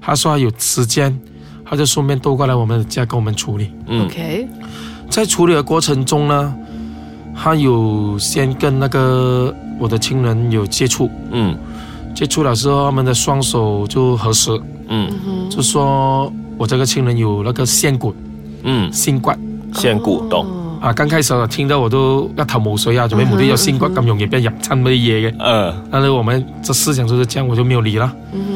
他說他有時間，他就順便都過來我們的家跟我們處理。OK，、嗯、在處理的過程中呢，他有先跟那個我的親人有接觸。嗯，接觸了之後，他們的雙手就合十。嗯，就說我這個親人有那個腺骨。嗯，腺骨。腺骨懂啊？剛開始聽到我都一頭霧水啊，準備目的要腺骨，咁容易變入侵乜嘢嗯，但、嗯、是我們這思想就是這樣，我就沒有理了嗯。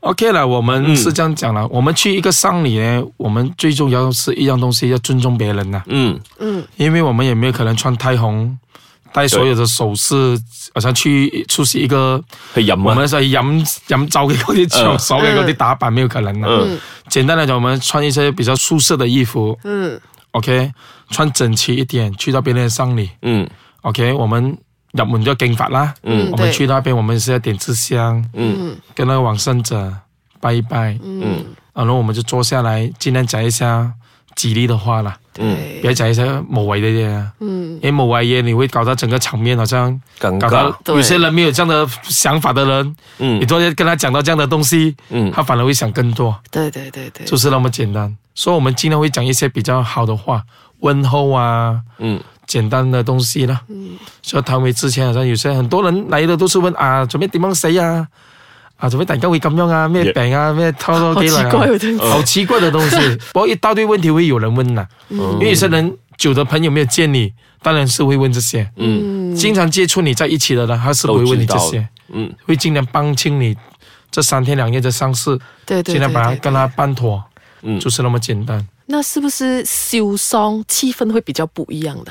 OK 了，我們是這樣講了。嗯、我們去一個喪禮呢，我們最重要的是一樣東西，要尊重別人呐。嗯嗯，因為我們也沒有可能穿太紅，戴所有的首飾，好像去出席一個，我們是飲人酒給嗰啲場所給嗰啲打板、嗯，沒有可能的。嗯，簡單來講，我們穿一些比較素色的衣服。嗯，OK，穿整齊一點去到別人的喪禮。嗯，OK，我們。入門就經法啦、嗯，我們去那邊，我們是要點支香、嗯，跟那個往生者拜一拜、嗯，然後我們就坐下來，盡量講一下吉利的話啦，不要講一些無謂嘅嘢，因為無謂嘢你會搞到整個場面好像，搞到有些人沒有這樣的想法的人，你昨天跟他講到這樣的東西，嗯，他反而會想更多，對對對對，就是那麼簡單，所以我們盡量會講一些比較好的話，問候啊，嗯。簡單的東西啦，所以頭尾之前，好像有些很多人來的都是問啊，做咩點樣死啊？啊，做咩大家會咁樣啊？咩病啊？咩偷偷給你。好奇怪好奇怪的東西，嗯、東西 不過一大堆問題會有人問啦、啊嗯。因為有些人久的朋友沒有見你，當然是會問這些。嗯，經常接觸你在一起的人，他是不會問你這些。嗯，會盡量幫清你這三天兩夜的喪事。對對，對，對，對，對盡量把它跟他辦妥。嗯，就是那麼簡單。嗯、那是不是修傷氣氛會比較不一樣的？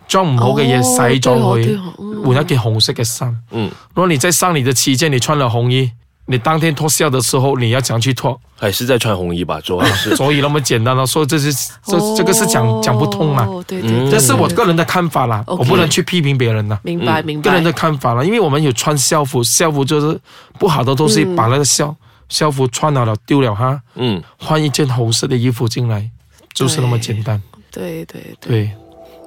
裝唔好嘅嘢洗咗可以換一件紅色嘅衫。嗯，如果你在喪禮的期間，你穿了紅衣，你當天脱孝的時候你要講去脱，還是在穿紅衣吧？所以 所以那麼簡單啦、哦，所以這、就是這、oh, 這個是講講不通嘛。對,對,對,對這是我個人的看法啦、okay，我不能去批評別人啦。明白明白、嗯。個人的看法啦，因為我們有穿校服，校服就是不好的東西，把那個校、嗯、校服穿好了丟了哈。嗯，換一件紅色的衣服進來，就是那麼簡單。對對,對對。對